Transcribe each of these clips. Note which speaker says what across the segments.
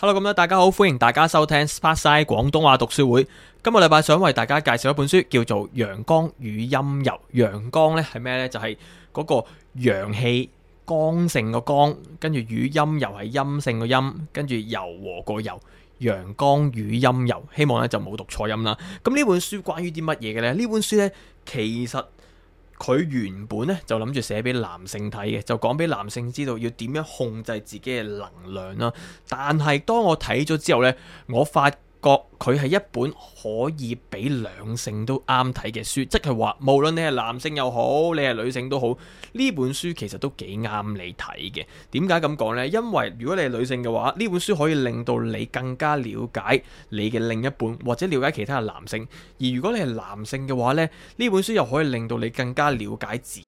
Speaker 1: hello，咁大家好，歡迎大家收聽《Sparksine 廣東話讀書會》。今個禮拜想為大家介紹一本書，叫做《陽剛與陰柔》。陽剛呢係咩呢？就係、是、嗰個陽氣剛性個剛」，跟住語音又係陰性個陰，跟住柔和個柔。陽剛與陰柔，希望咧就冇讀錯音啦。咁呢本書關於啲乜嘢嘅呢？呢本書呢，其實。佢原本呢就諗住寫俾男性睇嘅，就講俾男性知道要點樣控制自己嘅能量啦、啊。但係當我睇咗之後呢，我發覺佢係一本可以俾兩性都啱睇嘅書，即係話無論你係男性又好，你係女性都好，呢本書其實都幾啱你睇嘅。點解咁講咧？因為如果你係女性嘅話，呢本書可以令到你更加了解你嘅另一半或者了解其他嘅男性；而如果你係男性嘅話咧，呢本書又可以令到你更加了解自己。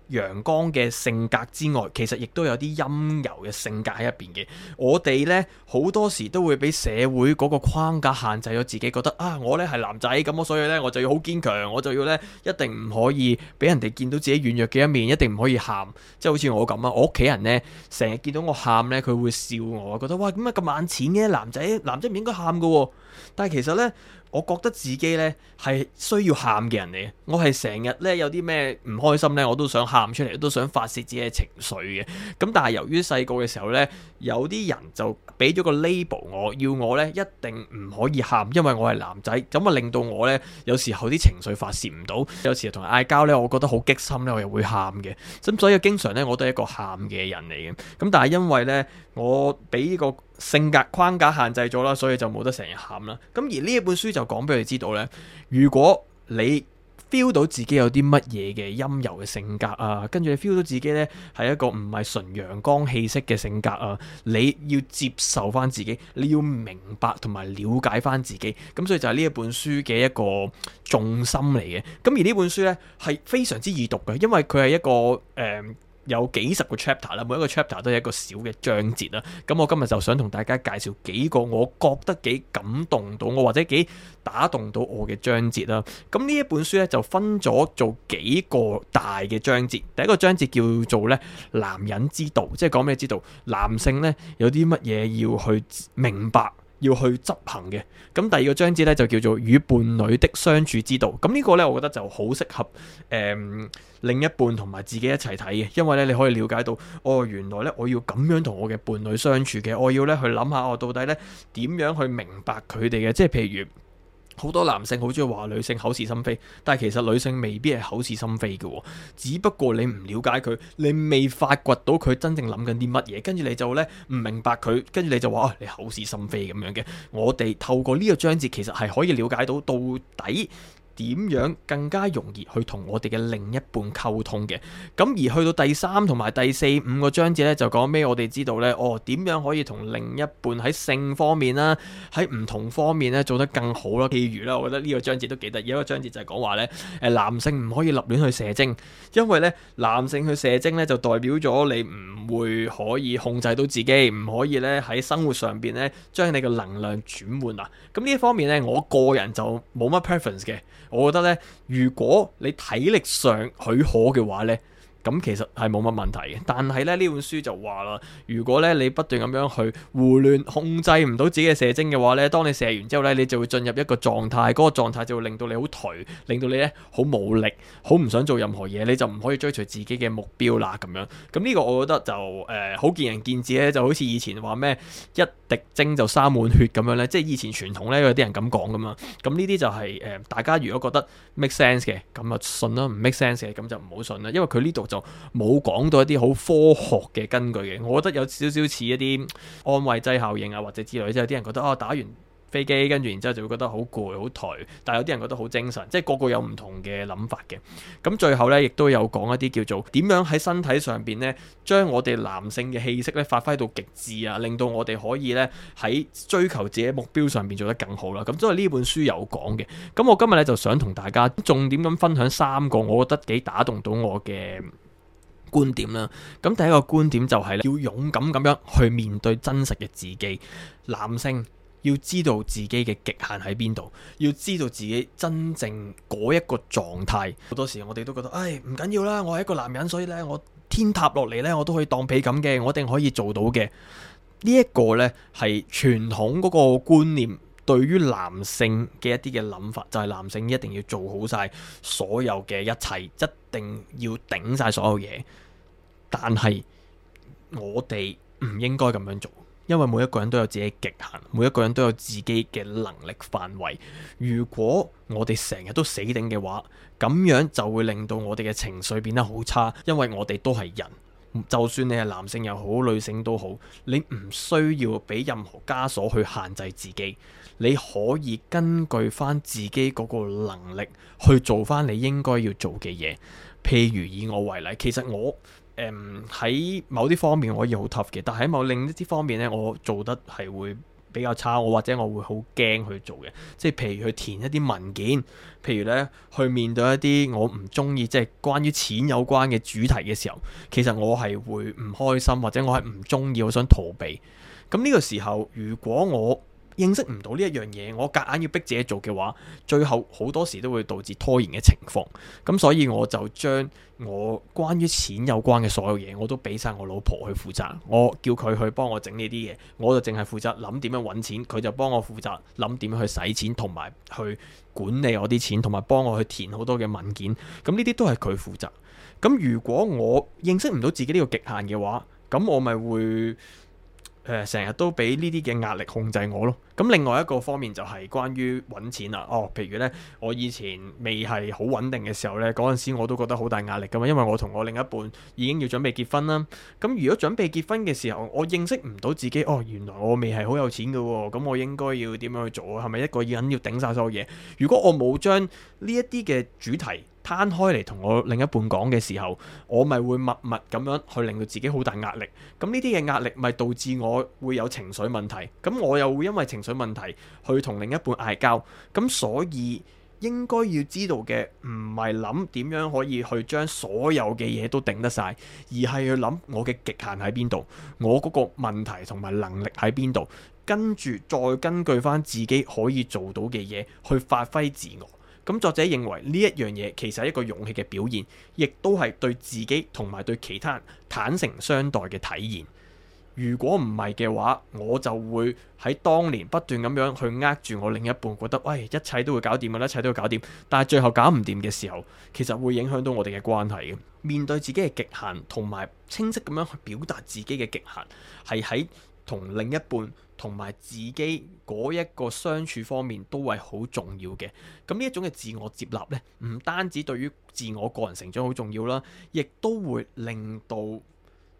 Speaker 1: 陽剛嘅性格之外，其實亦都有啲陰柔嘅性格喺入邊嘅。我哋呢好多時都會俾社會嗰個框架限制咗自己，覺得啊，我呢係男仔咁啊，所以呢我就要好堅強，我就要呢一定唔可以俾人哋見到自己軟弱嘅一面，一定唔可以喊。即係好似我咁啊，我屋企人呢成日見到我喊呢，佢會笑我，覺得哇，點解咁眼淺嘅男仔，男仔唔應該喊噶哦。但係其實呢。我覺得自己呢係需要喊嘅人嚟，我係成日呢有啲咩唔開心呢，我都想喊出嚟，都想發泄自己嘅情緒嘅。咁但係由於細個嘅時候呢，有啲人就俾咗個 label，我要我呢一定唔可以喊，因為我係男仔，咁啊令到我呢，有時候啲情緒發泄唔到，有時同人嗌交呢，我覺得好激心呢，我又會喊嘅。咁所以經常呢，我都係一個喊嘅人嚟嘅。咁但係因為呢，我俾呢個。性格框架限制咗啦，所以就冇得成日喊啦。咁而呢一本書就講俾佢知道呢，如果你 feel 到自己有啲乜嘢嘅陰柔嘅性格啊，跟住你 feel 到自己呢係一個唔係純陽光氣息嘅性格啊，你要接受翻自己，你要明白同埋了解翻自己。咁所以就係呢一本書嘅一個重心嚟嘅。咁而呢本書呢係非常之易讀嘅，因為佢係一個誒。呃有幾十個 chapter 啦，每一個 chapter 都有一個小嘅章節啦。咁我今日就想同大家介紹幾個我覺得幾感動到我或者幾打動到我嘅章節啦。咁呢一本書呢，就分咗做幾個大嘅章節。第一個章節叫做呢，男人之道，即係講咩之道？男性呢，有啲乜嘢要去明白？要去執行嘅，咁第二個章節呢，就叫做與伴侶的相處之道，咁呢個呢，我覺得就好適合誒、呃、另一半同埋自己一齊睇嘅，因為呢你可以了解到，哦原來呢，我要咁樣同我嘅伴侶相處嘅，我要呢，去諗下，我到底呢點樣去明白佢哋嘅，即係譬如。好多男性好中意話女性口是心非，但係其實女性未必係口是心非嘅，只不過你唔了解佢，你未發掘到佢真正諗緊啲乜嘢，跟住你就呢唔明白佢，跟住你就話啊，你是口是心非咁樣嘅。我哋透過呢個章節，其實係可以了解到到底。點樣更加容易去同我哋嘅另一半溝通嘅？咁而去到第三同埋第四五個章節呢，就講咩？我哋知道呢，哦點樣可以同另一半喺性方面啦、啊，喺唔同方面呢做得更好啦？譬如啦，我覺得呢個章節都幾得意。一個章節就係講話呢，誒男性唔可以立亂去射精，因為呢，男性去射精呢，就代表咗你唔會可以控制到自己，唔可以呢喺生活上面呢將你嘅能量轉換啊。咁呢一方面呢，我個人就冇乜 preference 嘅。我覺得呢，如果你體力上許可嘅話呢。咁其實係冇乜問題嘅，但係咧呢本書就話啦，如果咧你不斷咁樣去胡亂控制唔到自己嘅射精嘅話咧，當你射完之後咧，你就會進入一個狀態，嗰、那個狀態就會令到你好頹，令到你咧好無力，好唔想做任何嘢，你就唔可以追隨自己嘅目標啦咁樣。咁呢個我覺得就誒好、呃、見仁見智咧，就好似以前話咩一滴精就生滿血咁樣咧，即係以前傳統咧有啲人咁講噶嘛。咁呢啲就係、是、誒、呃、大家如果覺得 make sense 嘅，咁啊信啦；唔 make sense 嘅，咁就唔好信啦。因為佢呢度。就冇講到一啲好科學嘅根據嘅，我覺得有少少似一啲安慰劑效應啊，或者之類，即係有啲人覺得啊，打完飛機跟住然之後就會覺得好攰好頹，但係有啲人覺得好精神，即係個個有唔同嘅諗法嘅。咁最後呢，亦都有講一啲叫做點樣喺身體上邊呢將我哋男性嘅氣息呢發揮到極致啊，令到我哋可以呢喺追求自己目標上邊做得更好啦。咁所以呢本書有講嘅。咁我今日呢，就想同大家重點咁分享三個我覺得幾打動到我嘅。觀點啦，咁第一個觀點就係咧，要勇敢咁樣去面對真實嘅自己。男性要知道自己嘅極限喺邊度，要知道自己真正嗰一個狀態。好多時我哋都覺得，唉，唔緊要啦，我係一個男人，所以呢，我天塌落嚟呢，我都可以當被咁嘅，我一定可以做到嘅。呢一個呢係傳統嗰個觀念。對於男性嘅一啲嘅諗法，就係男性一定要做好晒所有嘅一切，一定要頂晒所有嘢。但係我哋唔應該咁樣做，因為每一個人都有自己嘅極限，每一個人都有自己嘅能力範圍。如果我哋成日都死頂嘅話，咁樣就會令到我哋嘅情緒變得好差，因為我哋都係人。就算你係男性又好，女性都好，你唔需要俾任何枷鎖去限制自己。你可以根據翻自己嗰個能力去做翻你應該要做嘅嘢。譬如以我為例，其實我誒喺某啲方面我可以好 tough 嘅，但喺某另一啲方面呢，我做得係會比較差，我或者我會好驚去做嘅，即係譬如去填一啲文件，譬如呢，去面對一啲我唔中意，即係關於錢有關嘅主題嘅時候，其實我係會唔開心，或者我係唔中意，我想逃避。咁呢個時候，如果我認識唔到呢一樣嘢，我夾硬要逼自己做嘅話，最後好多時都會導致拖延嘅情況。咁所以我就將我關於錢有關嘅所有嘢，我都俾晒我老婆去負責。我叫佢去幫我整呢啲嘢，我就淨係負責諗點樣揾錢，佢就幫我負責諗點樣去使錢，同埋去管理我啲錢，同埋幫我去填好多嘅文件。咁呢啲都係佢負責。咁如果我認識唔到自己呢個極限嘅話，咁我咪會。誒成日都俾呢啲嘅壓力控制我咯，咁另外一個方面就係關於揾錢啦。哦，譬如呢，我以前未係好穩定嘅時候呢，嗰陣時我都覺得好大壓力噶嘛，因為我同我另一半已經要準備結婚啦。咁如果準備結婚嘅時候，我認識唔到自己，哦，原來我未係好有錢噶喎，哦，咁我應該要點樣去做啊？係咪一個人要頂晒所有嘢？如果我冇將呢一啲嘅主題。攤開嚟同我另一半講嘅時候，我咪會默默咁樣去令到自己好大壓力。咁呢啲嘅壓力咪導致我會有情緒問題。咁我又會因為情緒問題去同另一半嗌交。咁所以應該要知道嘅唔係諗點樣可以去將所有嘅嘢都頂得晒，而係去諗我嘅極限喺邊度，我嗰個問題同埋能力喺邊度，跟住再根據翻自己可以做到嘅嘢去發揮自我。咁作者認為呢一樣嘢其實係一個勇氣嘅表現，亦都係對自己同埋對其他人坦誠相待嘅體現。如果唔係嘅話，我就會喺當年不斷咁樣去呃住我另一半，覺得喂、哎、一切都會搞掂嘅，一切都會搞掂。但係最後搞唔掂嘅時候，其實會影響到我哋嘅關係嘅。面對自己嘅極限，同埋清晰咁樣去表達自己嘅極限，係喺同另一半。同埋自己嗰一個相處方面都係好重要嘅。咁呢一種嘅自我接納呢，唔單止對於自我個人成長好重要啦，亦都會令到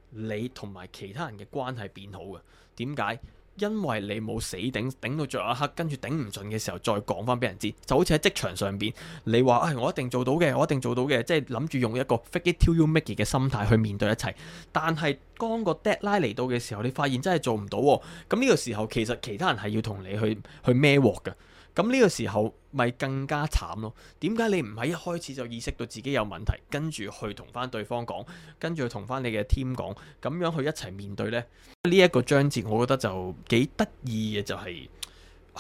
Speaker 1: 你同埋其他人嘅關係變好嘅。點解？因為你冇死頂頂到最後一刻，跟住頂唔順嘅時候再講翻俾人知，就好似喺職場上邊，你話啊我一定做到嘅，我一定做到嘅，即係諗住用一個 fake it till you make it 嘅心態去面對一切。但係當個 deadline 嚟到嘅時候，你發現真係做唔到，哦，咁呢個時候其實其他人係要同你去去孭鑊嘅。咁呢個時候咪更加慘咯？點解你唔喺一開始就意識到自己有問題，跟住去同返對方講，跟住去同返你嘅 team 講，咁樣去一齊面對呢？呢、這、一個章節我覺得就幾得意嘅，就係、是。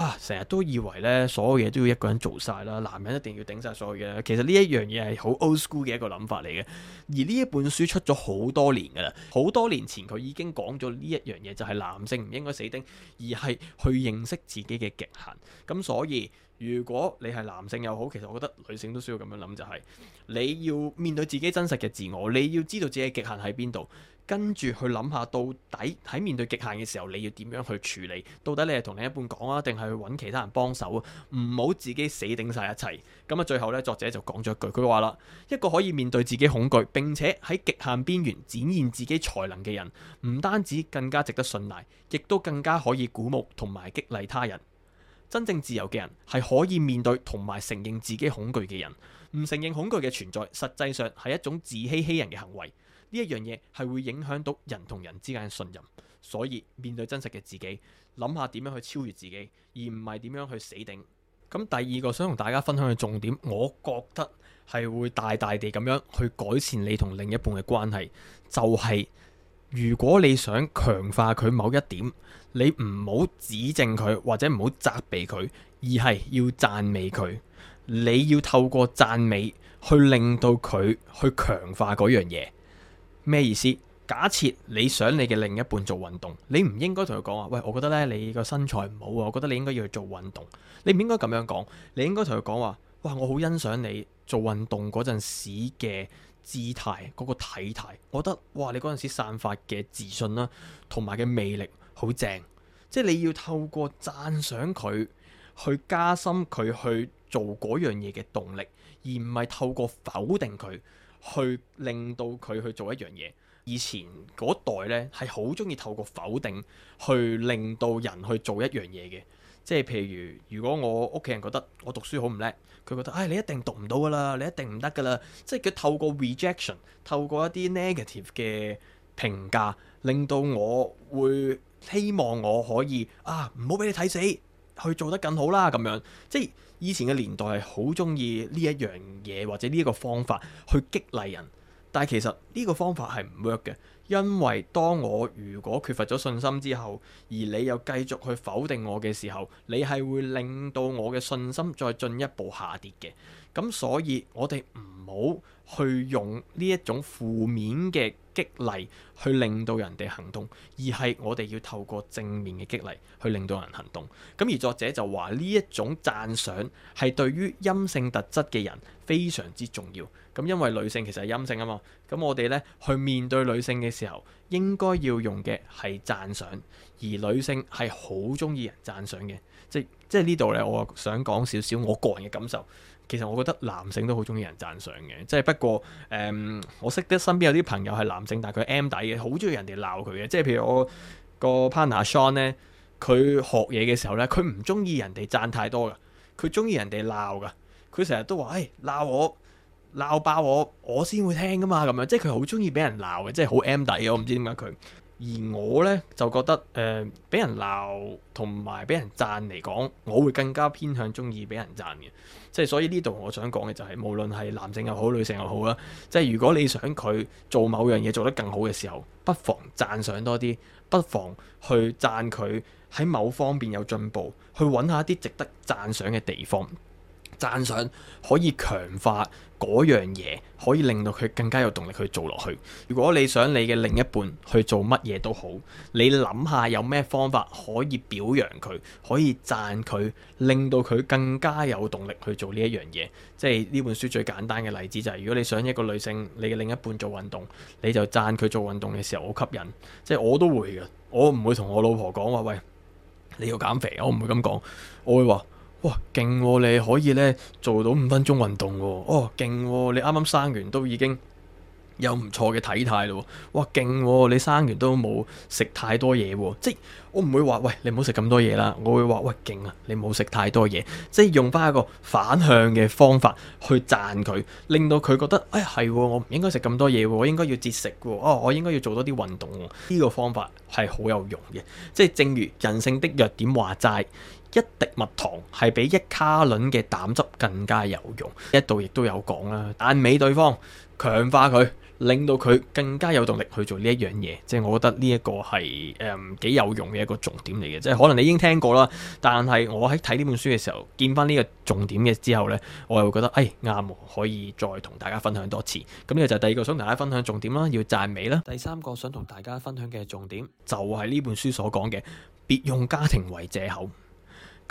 Speaker 1: 啊！成日都以為咧，所有嘢都要一個人做晒啦，男人一定要頂晒所有嘢。其實呢一樣嘢係好 old school 嘅一個諗法嚟嘅。而呢一本書出咗好多年噶啦，好多年前佢已經講咗呢一樣嘢，就係、是、男性唔應該死頂，而係去認識自己嘅極限。咁所以，如果你係男性又好，其實我覺得女性都需要咁樣諗，就係、是、你要面對自己真實嘅自我，你要知道自己極限喺邊度。跟住去諗下，到底喺面對極限嘅時候，你要點樣去處理？到底你係同另一半講啊，定係去揾其他人幫手啊？唔好自己死頂晒一切。咁啊，最後呢，作者就講咗一句，佢話啦：一個可以面對自己恐懼，並且喺極限邊緣展現自己才能嘅人，唔單止更加值得信賴，亦都更加可以鼓舞同埋激勵他人。真正自由嘅人係可以面對同埋承認自己恐懼嘅人。唔承認恐懼嘅存在，實際上係一種自欺欺人嘅行為。呢一樣嘢係會影響到人同人之間嘅信任，所以面對真實嘅自己，諗下點樣去超越自己，而唔係點樣去死頂。咁第二個想同大家分享嘅重點，我覺得係會大大地咁樣去改善你同另一半嘅關係。就係如果你想強化佢某一點，你唔好指正佢或者唔好責備佢，而係要讚美佢。你要透過讚美去令到佢去強化嗰樣嘢。咩意思？假設你想你嘅另一半做運動，你唔應該同佢講話，喂，我覺得咧，你個身材唔好啊，我覺得你應該要去做運動。你唔應該咁樣講，你應該同佢講話，哇，我好欣賞你做運動嗰陣時嘅姿態，嗰個體態，我覺得哇，你嗰陣時散發嘅自信啦，同埋嘅魅力好正。即係你要透過讚賞佢，去加深佢去做嗰樣嘢嘅動力，而唔係透過否定佢。去令到佢去做一樣嘢。以前嗰代呢，係好中意透過否定去令到人去做一樣嘢嘅，即係譬如如果我屋企人覺得我讀書好唔叻，佢覺得唉、哎、你一定讀唔到噶啦，你一定唔得噶啦，即係佢透過 rejection，透過一啲 negative 嘅評價，令到我會希望我可以，啊，唔好俾你睇死。去做得更好啦，咁樣即係以前嘅年代係好鍾意呢一樣嘢或者呢一個方法去激勵人，但係其實呢個方法係唔 work 嘅，因為當我如果缺乏咗信心之後，而你又繼續去否定我嘅時候，你係會令到我嘅信心再進一步下跌嘅，咁所以我哋唔好。去用呢一種負面嘅激勵去令到人哋行動，而係我哋要透過正面嘅激勵去令到人行動。咁而作者就話呢一種讚賞係對於陰性特質嘅人非常之重要。咁因為女性其實係陰性啊嘛，咁我哋呢去面對女性嘅時候，應該要用嘅係讚賞，而女性係好鍾意人讚賞嘅。即即係呢度呢，我想講少少我個人嘅感受。其實我覺得男性都好中意人讚賞嘅，即係不過，誒、嗯，我識得身邊有啲朋友係男性，但係佢 M 底嘅，好中意人哋鬧佢嘅，即係譬如我個 partner Sean 咧，佢學嘢嘅時候咧，佢唔中意人哋讚太多噶，佢中意人哋鬧噶，佢成日都話，誒、欸，鬧我鬧爆我，我先會聽噶嘛，咁樣，即係佢好中意俾人鬧嘅，即係好 M 底啊，我唔知點解佢。而我呢，就覺得，誒，呃，俾人鬧同埋俾人讚嚟講，我會更加偏向中意俾人讚嘅，即係所以呢度我想講嘅就係，無論係男性又好女性又好啦，即係如果你想佢做某樣嘢做得更好嘅時候，不妨讚賞多啲，不妨去讚佢喺某方面有進步，去揾下一啲值得讚賞嘅地方。讚賞可以強化嗰樣嘢，可以令到佢更加有動力去做落去。如果你想你嘅另一半去做乜嘢都好，你諗下有咩方法可以表揚佢，可以讚佢，令到佢更加有動力去做呢一樣嘢。即係呢本書最簡單嘅例子就係，如果你想一個女性，你嘅另一半做運動，你就讚佢做運動嘅時候好吸引。即係我都會嘅，我唔會同我老婆講話，喂，你要減肥，我唔會咁講，我會話。哇，勁喎，你可以呢做到五分鐘運動哦，哦，勁喎，你啱啱生完都已經有唔錯嘅體態啦，哇，勁喎，你生完都冇食太多嘢喎。即係我唔會話喂，你唔好食咁多嘢啦，我會話喂，勁啊，你冇食太多嘢，即係用翻一個反向嘅方法去讚佢，令到佢覺得誒係喎，我唔應該食咁多嘢，我應該要節食，哦，我應該要做多啲運動。呢個方法係好有用嘅，即係正如人性的弱點話齋。一滴蜜糖係比一加侖嘅膽汁更加有用，一度亦都有講啦。讚美對方，強化佢，令到佢更加有動力去做呢一樣嘢，即係我覺得呢一個係誒、呃、幾有用嘅一個重點嚟嘅，即係可能你已經聽過啦。但係我喺睇呢本書嘅時候，見翻呢個重點嘅之後呢，我又會覺得誒啱、哎，可以再同大家分享多次。咁呢個就係第二個想同大家分享重點啦，要讚美啦。第三個想同大家分享嘅重點就係、是、呢本書所講嘅，別用家庭為藉口。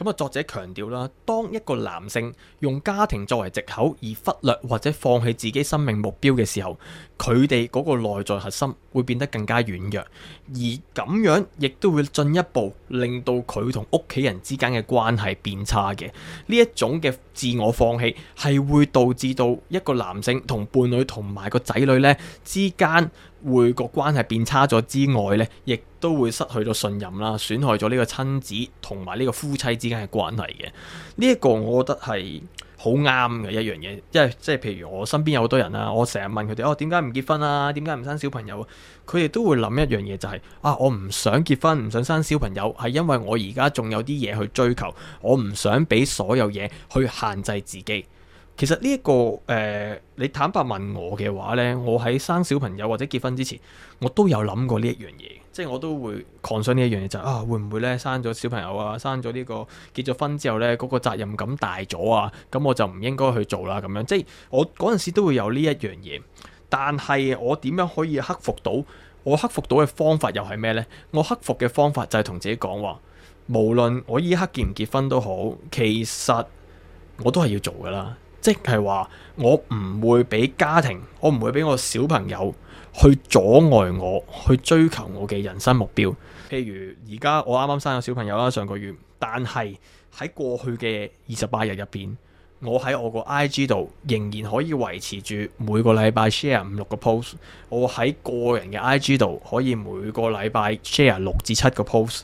Speaker 1: 咁啊，作者強調啦，當一個男性用家庭作為借口而忽略或者放棄自己生命目標嘅時候，佢哋嗰個內在核心會變得更加軟弱，而咁樣亦都會進一步令到佢同屋企人之間嘅關係變差嘅。呢一種嘅自我放棄，係會導致到一個男性同伴侶同埋個仔女咧之間會個關係變差咗之外呢，亦都會失去咗信任啦，損害咗呢個親子同埋呢個夫妻之間嘅關係嘅。呢、這、一個我覺得係好啱嘅一樣嘢，因為即係譬如我身邊有好多人啦，我成日問佢哋哦，點解唔結婚啊？點解唔生小朋友？佢哋都會諗一樣嘢就係、是、啊，我唔想結婚，唔想生小朋友，係因為我而家仲有啲嘢去追求，我唔想俾所有嘢去限制自己。其實呢、這、一個誒、呃，你坦白問我嘅話呢，我喺生小朋友或者結婚之前，我都有諗過呢一樣嘢，即係我都會抗爭呢一樣嘢，就係、是、啊，會唔會呢生咗小朋友啊，生咗呢、這個結咗婚之後呢，嗰、那個責任感大咗啊，咁我就唔應該去做啦咁樣。即係我嗰陣時都會有呢一樣嘢，但係我點樣可以克服到？我克服到嘅方法又係咩呢？我克服嘅方法就係同自己講話，無論我依刻結唔結婚都好，其實我都係要做噶啦。即係話，我唔會俾家庭，我唔會俾我小朋友去阻礙我去追求我嘅人生目標。譬如而家我啱啱生咗小朋友啦，上個月，但係喺過去嘅二十八日入邊，我喺我個 IG 度仍然可以維持住每個禮拜 share 五六個 post。我喺個人嘅 IG 度可以每個禮拜 share 六至七個 post。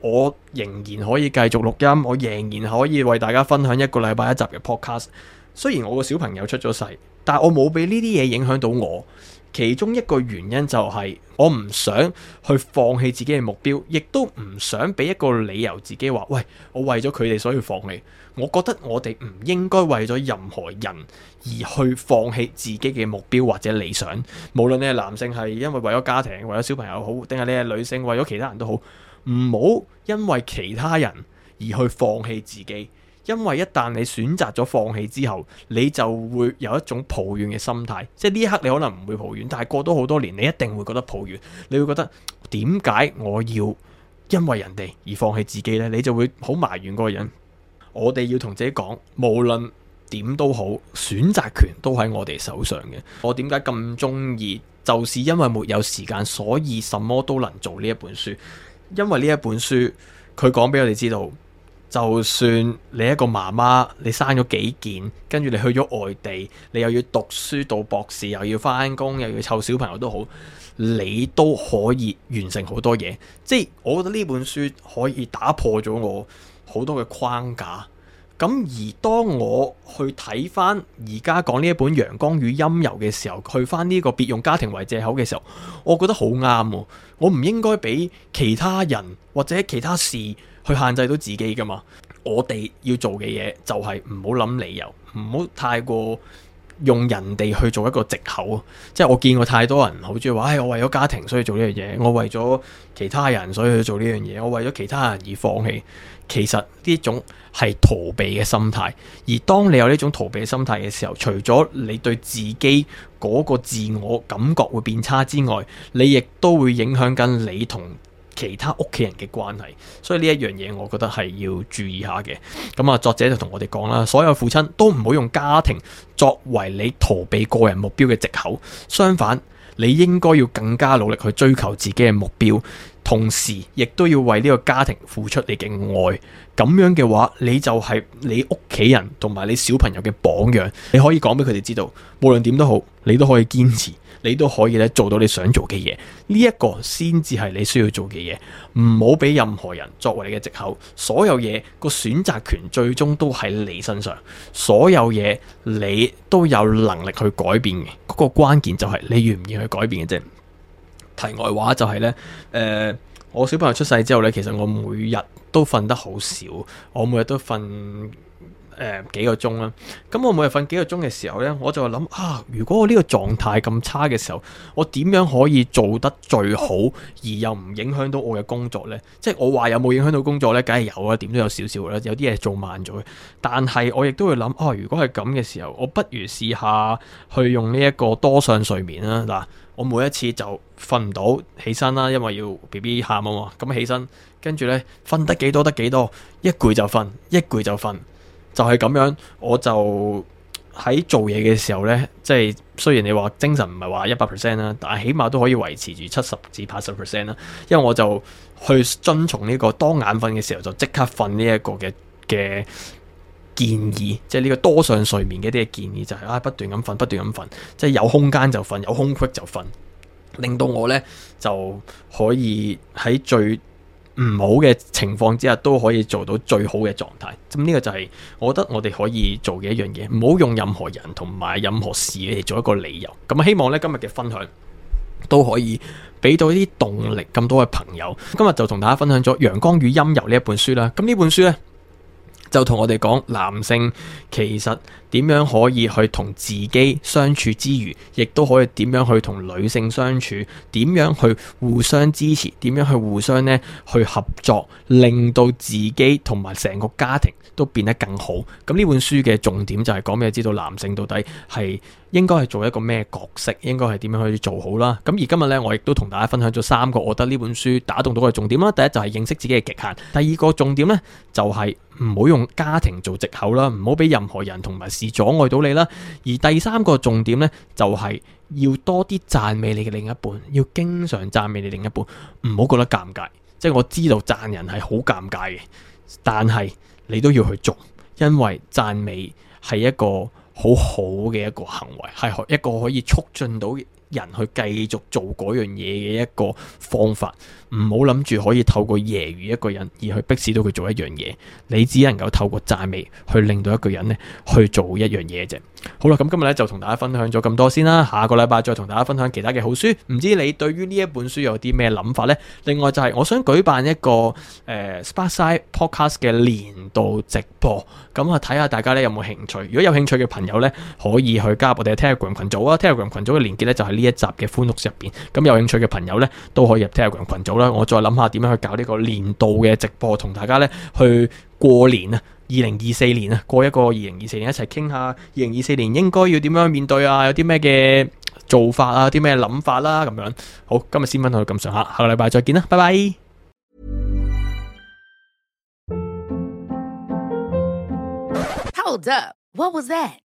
Speaker 1: 我仍然可以繼續錄音，我仍然可以為大家分享一個禮拜一集嘅 podcast。雖然我個小朋友出咗世，但我冇俾呢啲嘢影響到我。其中一個原因就係我唔想去放棄自己嘅目標，亦都唔想俾一個理由自己話：「喂，我為咗佢哋所以放棄。」我覺得我哋唔應該為咗任何人而去放棄自己嘅目標或者理想。無論你係男性係因為為咗家庭、為咗小朋友好，定係你係女性為咗其他人都好，唔好因為其他人而去放棄自己。因為一旦你選擇咗放棄之後，你就會有一種抱怨嘅心態。即係呢一刻你可能唔會抱怨，但係過咗好多年，你一定會覺得抱怨。你會覺得點解我要因為人哋而放棄自己呢？你就會好埋怨嗰個人。我哋要同自己講，無論點都好，選擇權都喺我哋手上嘅。我點解咁中意？就是因為沒有時間，所以什麼都能做呢一本書。因為呢一本書，佢講俾我哋知道。就算你一個媽媽，你生咗幾件，跟住你去咗外地，你又要讀書讀博士，又要返工，又要湊小朋友都好，你都可以完成好多嘢。即係我覺得呢本書可以打破咗我好多嘅框架。咁而當我去睇翻而家講呢一本《陽剛與陰柔》嘅時候，去翻呢個別用家庭為藉口嘅時候，我覺得好啱喎。我唔應該俾其他人或者其他事去限制到自己噶嘛。我哋要做嘅嘢就係唔好諗理由，唔好太過用人哋去做一個借口。即係我見過太多人好中意話，唉、哎，我為咗家庭所以做呢樣嘢，我為咗其他人所以去做呢樣嘢，我為咗其他人而放棄。其實呢種係逃避嘅心態。而當你有呢種逃避嘅心態嘅時候，除咗你對自己嗰個自我感覺會變差之外，你亦都會影響緊你同。其他屋企人嘅關係，所以呢一樣嘢，我覺得係要注意下嘅。咁啊，作者就同我哋講啦，所有父親都唔好用家庭作為你逃避個人目標嘅藉口，相反，你應該要更加努力去追求自己嘅目標，同時亦都要為呢個家庭付出你嘅愛。咁樣嘅話，你就係你屋企人同埋你小朋友嘅榜樣，你可以講俾佢哋知道，無論點都好，你都可以堅持。你都可以咧做到你想做嘅嘢，呢一個先至係你需要做嘅嘢。唔好俾任何人作為你嘅藉口，所有嘢個選擇權最終都喺你身上，所有嘢你都有能力去改變嘅。嗰個關鍵就係你願唔願意去改變嘅啫。題外話就係呢：誒、呃，我小朋友出世之後呢，其實我每日都瞓得好少，我每日都瞓。誒，幾個鐘啦？咁我每日瞓幾個鐘嘅時候呢，我就諗啊，如果我呢個狀態咁差嘅時候，我點樣可以做得最好，而又唔影響到我嘅工作呢？即係我話有冇影響到工作呢？梗係有啦，點都有少少啦，有啲嘢做慢咗嘅。但係我亦都會諗啊，如果係咁嘅時候，我不如試下去用呢一個多相睡眠啦。嗱，我每一次就瞓唔到，起身啦，因為要 B B 喊啊嘛，咁起身，跟住呢，瞓得幾多得幾多，一攰就瞓，一攰就瞓。就係咁樣，我就喺做嘢嘅時候呢，即係雖然你話精神唔係話一百 percent 啦，但係起碼都可以維持住七十至八十 percent 啦。因為我就去遵從呢個當眼瞓嘅時候就即刻瞓呢一個嘅嘅建議，即係呢個多上睡眠嘅一啲嘅建議，就係啊不斷咁瞓，不斷咁瞓，即係有空間就瞓，有空隙就瞓，令到我呢就可以喺最。唔好嘅情況之下都可以做到最好嘅狀態，咁呢個就係我覺得我哋可以做嘅一樣嘢，唔好用任何人同埋任何事嚟做一個理由。咁希望呢今日嘅分享都可以俾到啲動力咁多嘅朋友。今日就同大家分享咗《陽剛與陰柔》呢一本書啦。咁呢本書呢。就同我哋講男性其實點樣可以去同自己相處之餘，亦都可以點樣去同女性相處，點樣去互相支持，點樣去互相咧去合作，令到自己同埋成個家庭都變得更好。咁呢本書嘅重點就係講俾你知道男性到底係。應該係做一個咩角色？應該係點樣去做好啦？咁而今日呢，我亦都同大家分享咗三個我覺得呢本書打動到嘅重點啦。第一就係認識自己嘅極限；第二個重點呢，就係唔好用家庭做藉口啦，唔好俾任何人同埋事阻礙到你啦。而第三個重點呢，就係要多啲讚美你嘅另一半，要經常讚美你另一半，唔好覺得尷尬。即係我知道讚人係好尷尬嘅，但係你都要去做，因為讚美係一個。好好嘅一個行為，係一個可以促進到人去繼續做嗰樣嘢嘅一個方法，唔好諗住可以透過揶揄一個人而去逼使到佢做一樣嘢，你只能夠透過讚美去令到一個人咧去做一樣嘢啫。好啦，咁今日咧就同大家分享咗咁多先啦，下個禮拜再同大家分享其他嘅好書。唔知你對於呢一本書有啲咩諗法呢？另外就係我想舉辦一個誒 Sparksine Podcast 嘅年度直播，咁啊睇下大家咧有冇興趣。如果有興趣嘅朋友呢，可以去加我哋嘅 Telegram 群組啊，Telegram 群組嘅連結呢，就係、是。呢一集嘅歡樂室入邊，咁有興趣嘅朋友呢，都可以入 Telegram 群組啦。我再諗下點樣去搞呢個年度嘅直播，同大家呢去過年啊，二零二四年啊，過一個二零二四年一談談，一齊傾下二零二四年應該要點樣面對啊，有啲咩嘅做法啊，啲咩諗法啦，咁樣。好，今日先分享到咁上下，下個禮拜再見啦，拜拜。Hold up! What was that?